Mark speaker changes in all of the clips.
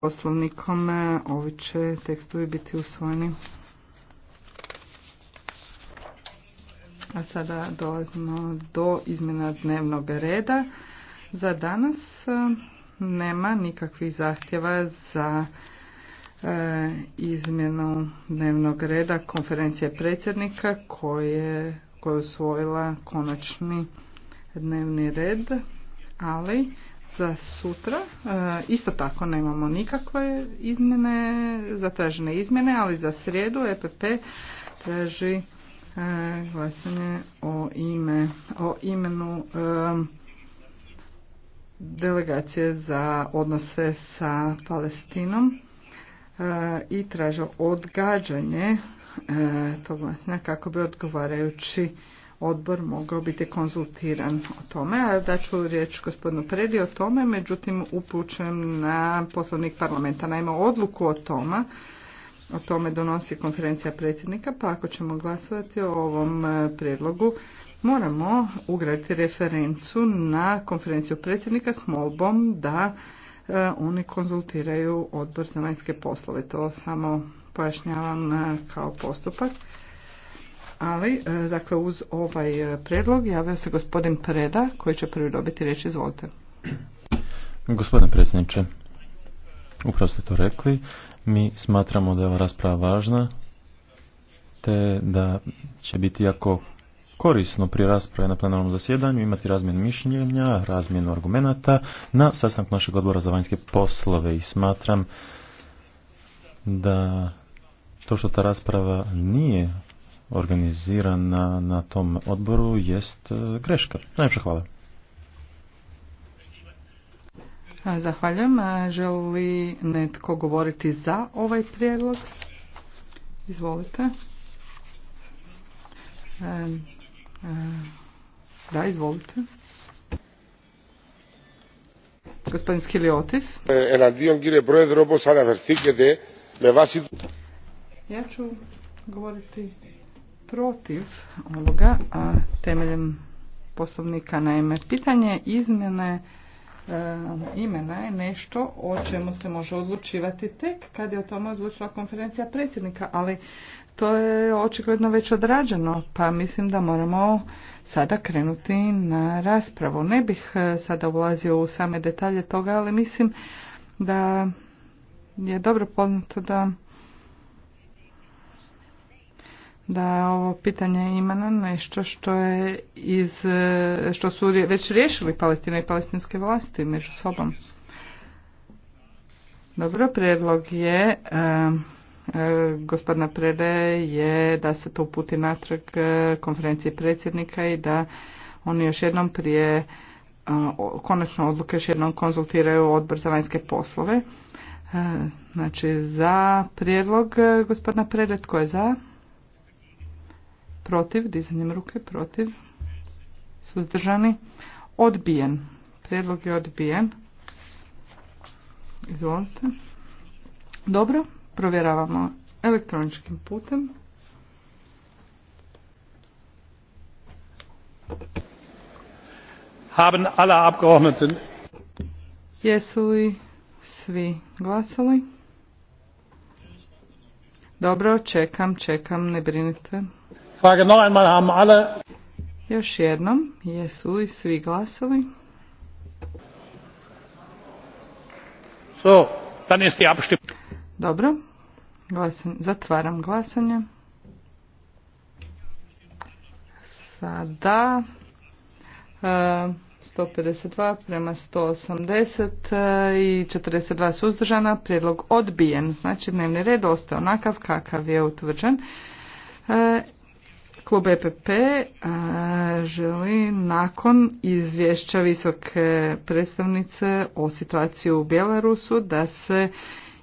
Speaker 1: poslovnikom e, ovi će tekstovi biti usvojeni. A sada dolazimo do izmjena dnevnog reda. Za danas e, nema nikakvih zahtjeva za e, izmjenu dnevnog reda konferencije predsjednika koje, koja je usvojila konačni dnevni red, ali za sutra. E, isto tako nemamo nikakve izmjene, zatražene izmjene, ali za srijedu EPP traži e, glasanje o ime, o imenu e, delegacije za odnose sa Palestinom i traži odgađanje tog glasanja kako bi odgovarajući odbor mogao biti konzultiran o tome, a da ću riječ gospodinu Predi o tome, međutim upućujem na poslovnik parlamenta. Naime, odluku o tome, o tome donosi konferencija predsjednika, pa ako ćemo glasovati o ovom e, prijedlogu, moramo ugraditi referencu na konferenciju predsjednika s molbom da e, oni konzultiraju odbor za vanjske poslove. To samo pojašnjavam e, kao postupak. Ali, e, dakle, uz ovaj e, predlog javio se gospodin Preda koji će prvi dobiti riječ. Izvolite.
Speaker 2: Gospodine predsjedniče, upravo ste to rekli. Mi smatramo da je ova rasprava važna te da će biti jako korisno pri rasprave na plenarnom zasjedanju imati razmjenu mišljenja, razmjenu argumenata na sastanku našeg odbora za vanjske poslove i smatram da to što ta rasprava nije organizirana na tom odboru jest e, greška. Najljepša hvala.
Speaker 1: Zahvaljujem. Želi netko govoriti za ovaj prijedlog? Izvolite. E, e, da, izvolite. Gospodin Skiliotis.
Speaker 2: Εναντίον κύριε sada me vasi
Speaker 1: Ja ću govoriti protiv ovoga a temeljem poslovnika. Naime, pitanje izmjene e, imena je nešto o čemu se može odlučivati tek kad je o tome odlučila konferencija predsjednika, ali to je očigledno već odrađeno, pa mislim da moramo sada krenuti na raspravu. Ne bih e, sada ulazio u same detalje toga, ali mislim da je dobro poznato da da ovo pitanje imena nešto što je iz, što su već riješili Palestina i palestinske vlasti među sobom. Dobro, prijedlog je gospodina Prede je da se to uputi natrag e, konferenciji predsjednika i da oni još jednom prije e, konačno odluke još jednom konzultiraju odbor za vanjske poslove. E, znači za prijedlog gospodina Prede, tko je za? protiv, dizanjem ruke, protiv, suzdržani, odbijen. Prijedlog je odbijen. Izvolite. Dobro, provjeravamo elektroničkim putem.
Speaker 2: Haben alle Abgeordneten.
Speaker 1: Jesu li svi glasali? Dobro, čekam, čekam, ne brinite. Još jednom, jesu li svi glasovi? So, dann ist die Dobro, Glasen, zatvaram glasanje. Sada uh, e, 152 prema 180 e, i 42 suzdržana, prijedlog odbijen. Znači dnevni red ostaje onakav kakav je utvrđen. E, Klub EPP e, želi nakon izvješća visoke predstavnice o situaciji u Bjelarusu da se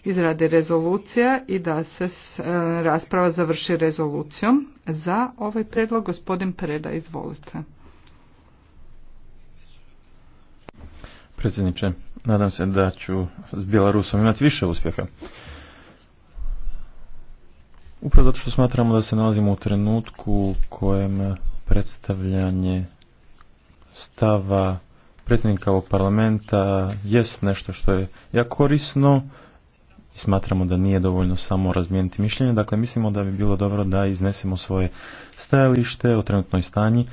Speaker 1: izradi rezolucija i da se e, rasprava završi rezolucijom. Za ovaj predlog gospodin Preda, izvolite.
Speaker 2: Predsjedniče, nadam se da ću s Bjelarusom imati više uspjeha. Upravo zato što smatramo da se nalazimo u trenutku u kojem predstavljanje stava predsjednika ovog parlamenta jest nešto što je jako korisno i smatramo da nije dovoljno samo razmijeniti mišljenje. Dakle, mislimo da bi bilo dobro da iznesemo svoje stajalište o trenutnoj stanji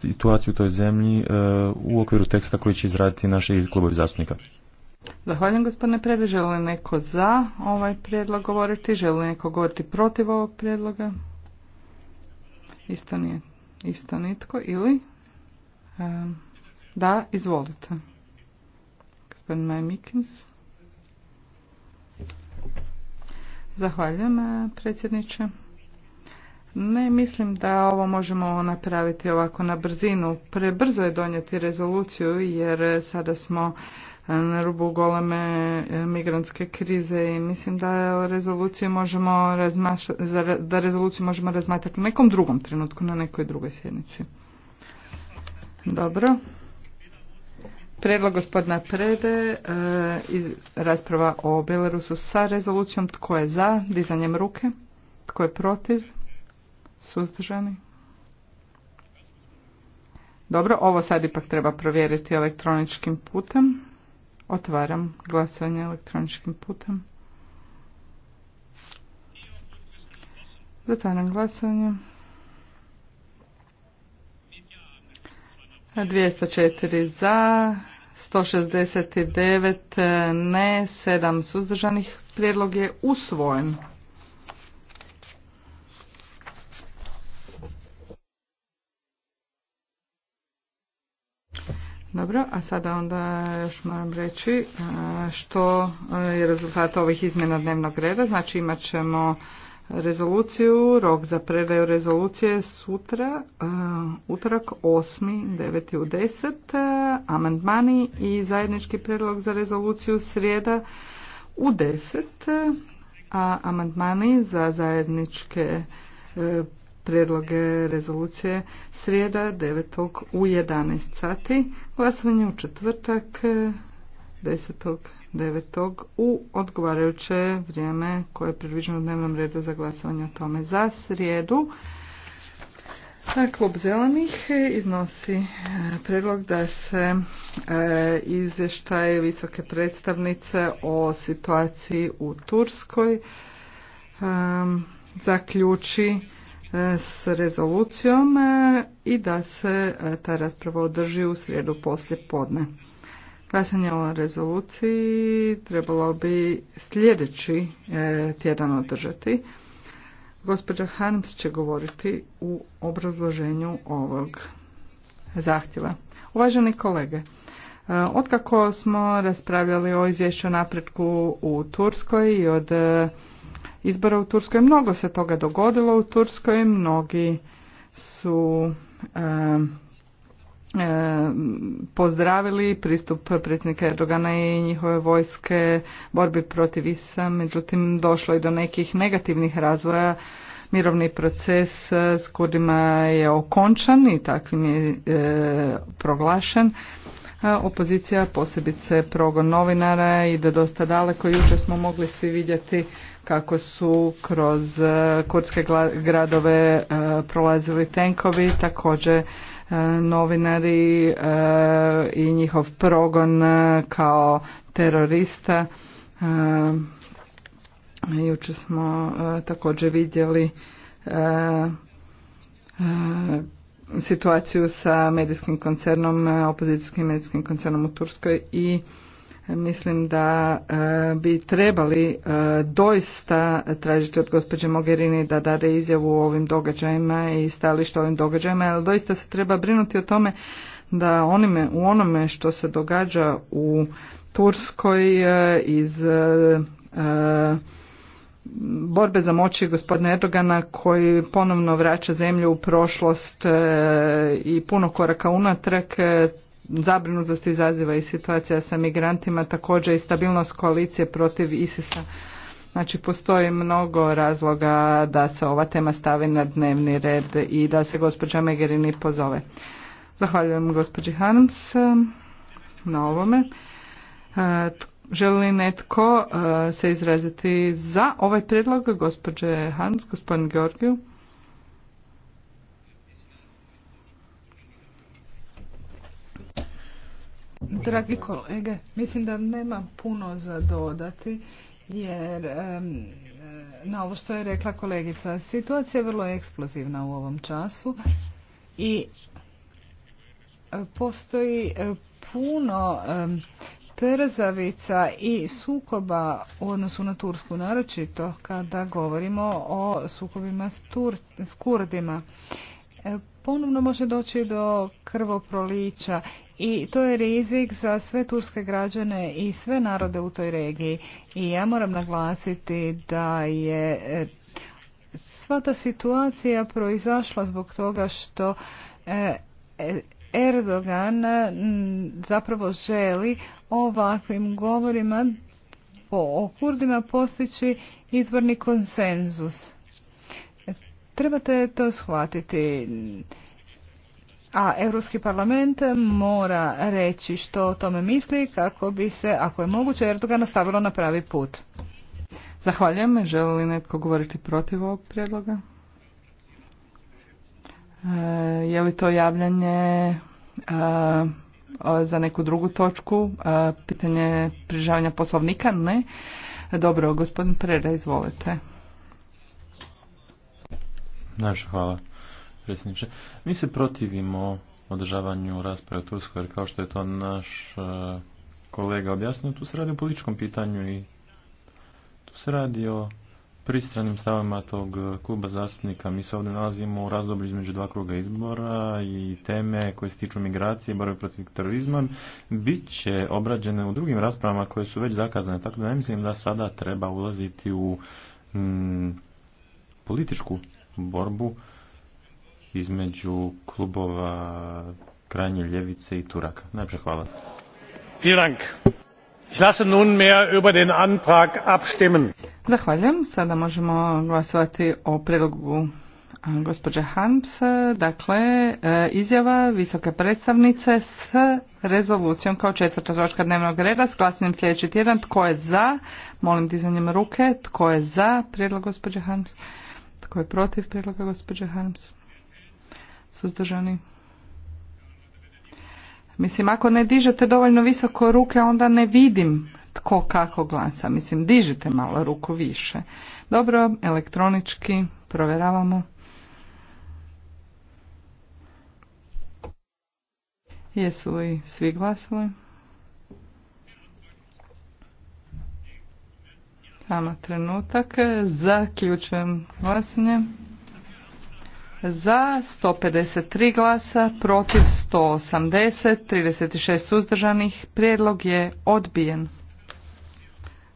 Speaker 2: situaciju u toj zemlji e, u okviru teksta koji će izraditi naši klubovi zastupnika.
Speaker 1: Zahvaljujem gospodine Prede. Želi li neko za ovaj prijedlog govoriti? Želi li neko govoriti protiv ovog prijedloga? Isto nije. Isto nitko. Ili? da, izvolite. Gospodin Maj Mikins. Zahvaljujem predsjedniče. Ne, mislim da ovo možemo napraviti ovako na brzinu. Prebrzo je donijeti rezoluciju jer sada smo e, na rubu goleme e, migrantske krize i mislim da rezoluciju možemo da rezoluciju možemo razmatrati u nekom drugom trenutku na nekoj drugoj sjednici. Dobro. Predlog gospodina Prede e, i rasprava o Belarusu sa rezolucijom tko je za dizanjem ruke, tko je protiv. Suzdržani? Dobro, ovo sad ipak treba provjeriti elektroničkim putem. Otvaram glasovanje elektroničkim putem. Zatvaram glasovanje. 204 za, 169 ne, 7 suzdržanih. Prijedlog je usvojen. Dobro, a sada onda još moram reći e, što e, je rezultat ovih izmjena dnevnog reda. Znači imat ćemo rezoluciju, rok za predaju rezolucije sutra, e, utorak 8.9. u 10. Amandmani i zajednički predlog za rezoluciju srijeda u 10. A amandmani za zajedničke prijedloge rezolucije srijeda 9. u 11 sati, glasovanje u četvrtak 10. 9. u odgovarajuće vrijeme koje je predviđeno u dnevnom redu za glasovanje o tome za srijedu. Klub zelenih iznosi e, predlog da se e, izvještaj visoke predstavnice o situaciji u Turskoj e, zaključi s rezolucijom e, i da se e, ta rasprava održi u srijedu poslije podne. Glasanje o rezoluciji trebalo bi sljedeći e, tjedan održati. Gospođa Harms će govoriti u obrazloženju ovog zahtjeva. Uvaženi kolege, otkako smo raspravljali o izvješću napretku u Turskoj i od izbora u Turskoj. Mnogo se toga dogodilo u Turskoj, mnogi su pozdravili pristup predsjednika Erdogana i njihove vojske borbi protiv ISA, međutim došlo je do nekih negativnih razvoja mirovni proces eh, s kurdima je okončan i takvim je e, proglašen opozicija, posebice progon novinara ide dosta daleko. Jučer smo mogli svi vidjeti kako su kroz e, kurdske gradove e, prolazili tenkovi, također e, novinari i njihov progon kao terorista. Juče smo također vidjeli situaciju sa medijskim koncernom, e, opozicijskim medijskim koncernom u Turskoj i e, mislim da e, bi trebali doista tražiti od gospođe Mogherini da dade izjavu o ovim događajima i stajalište o ovim događajima, ali doista se treba brinuti o tome da onime, u onome što se događa u Turskoj iz borbe za moći gospodina Erdogana koji ponovno vraća zemlju u prošlost e, i puno koraka unatrag e, zabrinutost izaziva i situacija sa migrantima, također i stabilnost koalicije protiv ISIS-a. Znači, postoji mnogo razloga da se ova tema stavi na dnevni red i da se gospođa Megerini pozove. Zahvaljujem gospođi Harms e, na ovome. Želi li netko e, se izraziti za ovaj prijedlog gospođe Hans, gospodin Georgiju?
Speaker 3: Dragi kolege, mislim da nema puno za dodati jer na ovo što je rekla kolegica, situacija je vrlo eksplozivna u ovom času i e, postoji e, puno trzavica i sukoba u odnosu na Tursku, naročito kada govorimo o sukobima s, s Kurdima. E, ponovno može doći do krvoprolića i to je rizik za sve turske građane i sve narode u toj regiji. I ja moram naglasiti da je e, sva ta situacija proizašla zbog toga što e, Erdogan zapravo želi ovakvim govorima o Kurdima postići izvorni konsenzus. Trebate to shvatiti. A Europski parlament mora reći što o tome misli kako bi se, ako je moguće, Erdogan stavilo na pravi put. Zahvaljujem. Želi li netko govoriti protiv ovog prijedloga?
Speaker 1: E, je li to javljanje e, za neku drugu točku? E, pitanje prižavanja poslovnika? Ne. Dobro, gospodin Preda, izvolite.
Speaker 2: Naša hvala, predsjedniče. Mi se protivimo održavanju rasprave u Turskoj, jer kao što je to naš kolega objasnio, tu se radi o političkom pitanju i tu se radi o pristranim stavama tog eh, kluba zastupnika. Mi se ovdje nalazimo u razdoblju između dva kruga izbora i teme koje se tiču migracije i borbe protiv terorizma bit će obrađene u drugim raspravama koje su već zakazane. Tako da ne mislim da sada treba ulaziti u mm, političku borbu između klubova krajnje ljevice i Turaka. Najprej hvala. Ich lasse nunmehr über den Antrag
Speaker 3: abstimmen.
Speaker 1: Zahvaljujem. Sada možemo glasovati o prijedlogu gospođe Harms. Dakle, e, izjava visoke predstavnice s rezolucijom kao četvrta točka dnevnog reda s glasnim sljedeći tjedan. Tko je za? Molim dizanjem ruke. Tko je za prijedlog gospođe Harms? Tko je protiv prijedloga gospođe Hans? Suzdržani? Mislim, ako ne dižete dovoljno visoko ruke, onda ne vidim tko kako glasa. Mislim, dižite malo ruku više. Dobro, elektronički provjeravamo. Jesu li svi glasali? Samo trenutak. Zaključujem glasanje za, 153 glasa, protiv 180, 36 suzdržanih. Prijedlog je odbijen.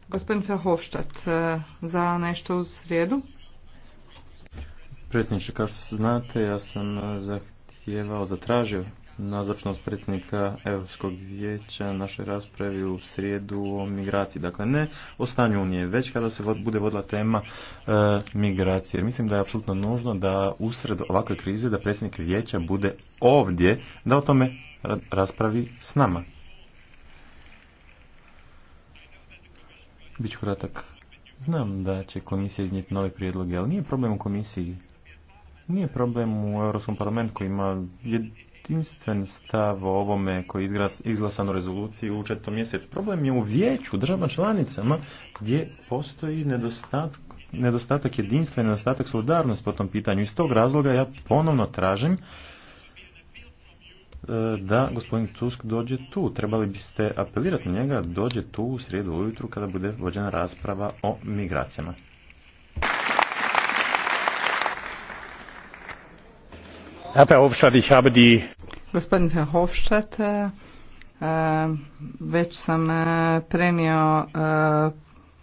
Speaker 1: Gospodin Fehovštat, e, za nešto u srijedu.
Speaker 2: Predsjedniče, kao što znate, ja sam e, zahtijevao, zatražio nazočnost predsjednika Europskog vijeća našoj raspravi u srijedu o migraciji. Dakle, ne o stanju Unije, već kada se bude vodila tema e, migracije. Mislim da je apsolutno nužno da usred ovakve krize da predsjednik vijeća bude ovdje, da o tome raspravi s nama. Biću kratak. Znam da će komisija iznijeti nove prijedloge, ali nije problem u komisiji. Nije problem u Europskom parlamentu koji ima jedinstven stav o ovome koji je izglasan u rezoluciji u četvrtom mjesecu. Problem je u vijeću, državama članicama, gdje postoji nedostatak nedostatak nedostatak solidarnosti po tom pitanju. Iz tog razloga ja ponovno tražim e, da gospodin Tusk dođe tu. Trebali biste apelirati na njega dođe tu u srijedu ujutru kada bude vođena rasprava o migracijama. Herr ich habe die
Speaker 1: Gospodin Hofštat, e, e, već sam e, prenio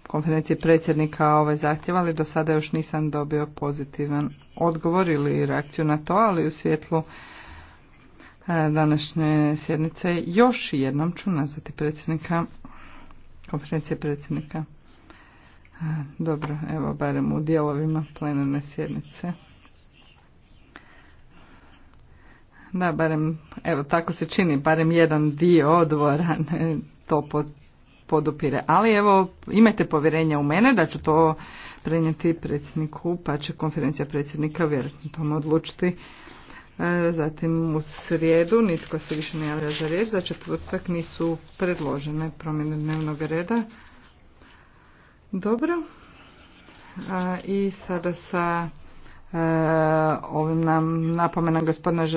Speaker 1: konferencije predsjednika ovaj zahtjev, ali do sada još nisam dobio pozitivan odgovor ili reakciju na to, ali u svjetlu današnje sjednice još jednom ću nazvati predsjednika konferencije predsjednika. Dobro, evo barem u dijelovima plenarne sjednice. Da, barem, evo tako se čini, barem jedan dio ne to podupire. Ali evo, imajte povjerenja u mene da ću to prenijeti predsjedniku, pa će konferencija predsjednika vjerojatno odlučiti. E, zatim u srijedu nitko se više ne javlja za riječ, za četvrtak nisu predložene promjene dnevnog reda. Dobro. I sada sa e, ovim nam napomenom gospodina